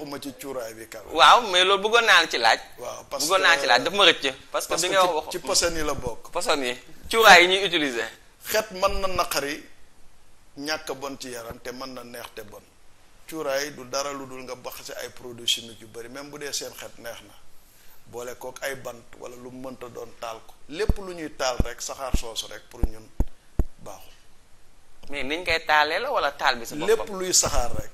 waxuma ci cuuraay bi kaw waaw mais loolu bëggoon naa la ci laaj waaw parce que bëggoon naa la ci laaj daf ma bi nga wax ci poson yi la bokk poson yi cuuraay yi ñuy utiliser xet mën na naqari ñàkk bon ci yaram te mën na neex te bon cuuraay du dara lu dul nga baxase ay produits chimiques yu bëri même bu dee seen xet neex na boole kook ay bant wala lu mënta doon taal ko lépp lu ñuy taal rek saxaar soosu rek pour ñun baaxul mais niñ koy taalee la wala taal bi sa boppam lépp luy saxaar rek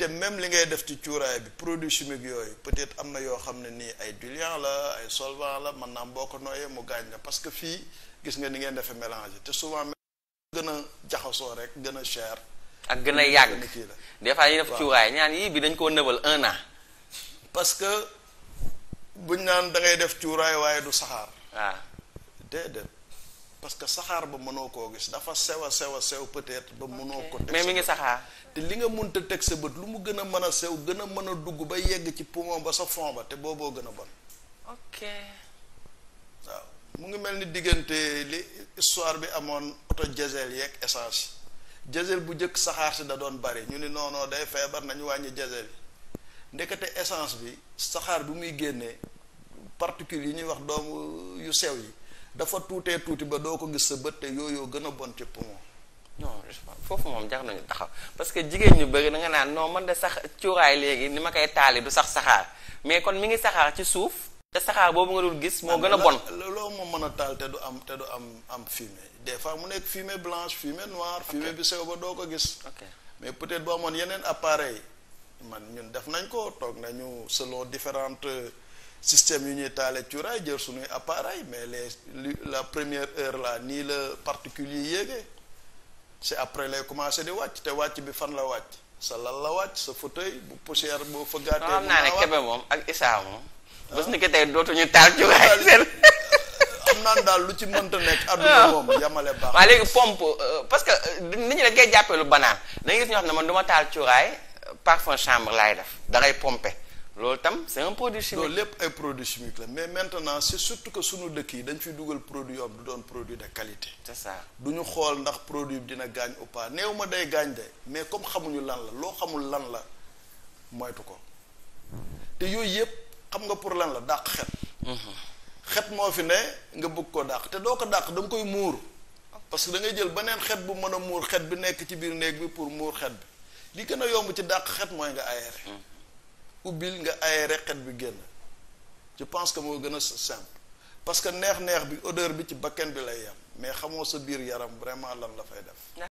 te même li ngay def ci cuuraay bi produit chimique yooyu peut-être am na yoo xam ne nii ay diluant la ay solvant la mën naa boo ko nooyee mu gaañ la parce que fii gis nga ni ngeen defee mélange te souvent gën a jaxasoo rek gën a cher ak gën a yàgg des fois yi def cuuraay ñaan yii bi dañ koo nëbal un an parce que buñ naan dangay ngay def cuuraay waaye du saxaar waaw ah. déedéet parce que saxaar ba mënoo koo gis dafa sew a sew a peut-être ba mënoo ko teg mais mi ngi saxaar te li nga mënta teg sa bët lu mu gën a mën a sew gën a mën a dugg ba yegg ci poumon ba sa fond ba te booboo gën a bon ok waaw mu ngi mel ni diggante li histoire bi amoon oto diesel yeeg essence diesel bu njëkk saxaar si da doon bari ñu ni noonoo day feebar nañu wàññi diesel yi ndekete essence bi saxaar bi muy génnee particules yi ñuy wax doom yu sew yi dafa tuutee tuuti ba doo ko gis sa bët te yooyu gën a bon ci poumon. non foofu moom jax nañu taxaw parce que jigéen ñu bëri da nga naan non man de sax cuuraay léegi ni ma koy taali du sax saxaar mais kon mi ngi saxaar ci suuf te saxaar boobu nga dul gis moo gën a bon ah, loolu moom mën a taal te du am te du am am fumée des fois mu nekk fumée blanche fumée noire fumée bi sew ba doo ko gis mais peut-être boo amoon yeneen appareil man ñun def nañ ko toog nañu selon différentes système yu ñuy taale cuuraay jël suñuy appareil mais les la première heure là nii la particules yi yéegee c'est après lay commencé di wàcc te wàcc bi fan la wàcc sa lal la wàcc sa fauteuil bu poussière boo fëggaatee xam naa ne moom ak Issa moom ah. bés ni ko tey dootuñu taal cuuraay seen am naan daal lu ci mënta nekk adduna ah. moom yamale baax waaw léegi pompe euh, parce que nit ñi da ngay jàppee lu banaan da ngay gis ñoo xam ne man du ma taal cuuraay euh, parfum chambre laay def da ngay pomper loolu tam c'est un produit chimique. lépp ay produits chimiques la mais maintenant c'est surtout que sunu dëkk yi dañ fiy dugal produit yoo du doon produit de qualité. c'est ça du ñu xool ndax produit bi dina gaañ ou pas néew ma day gaañ de mais comme xamuñu lan la loo xamul lan la moytu ko te yooyu yëpp xam nga pour lan la dàq xet. Mm-hmm. xet moo fi ne nga bëgg ko dàq te doo ko dàq da nga koy muur parce que da ngay jël beneen xet bu mën a muur xet bi nekk ci biir néeg bi pour muur xet bi li gën a yomb ci dàq xet mooy nga aéré. Mm-hmm. ubbil nga aéré xet bi génn je pense que moo gën a simple parce que neex-neex bi odeur bi ci bakken bi lay yem mais xamoo sa biir yaram vraiment lan la fay def.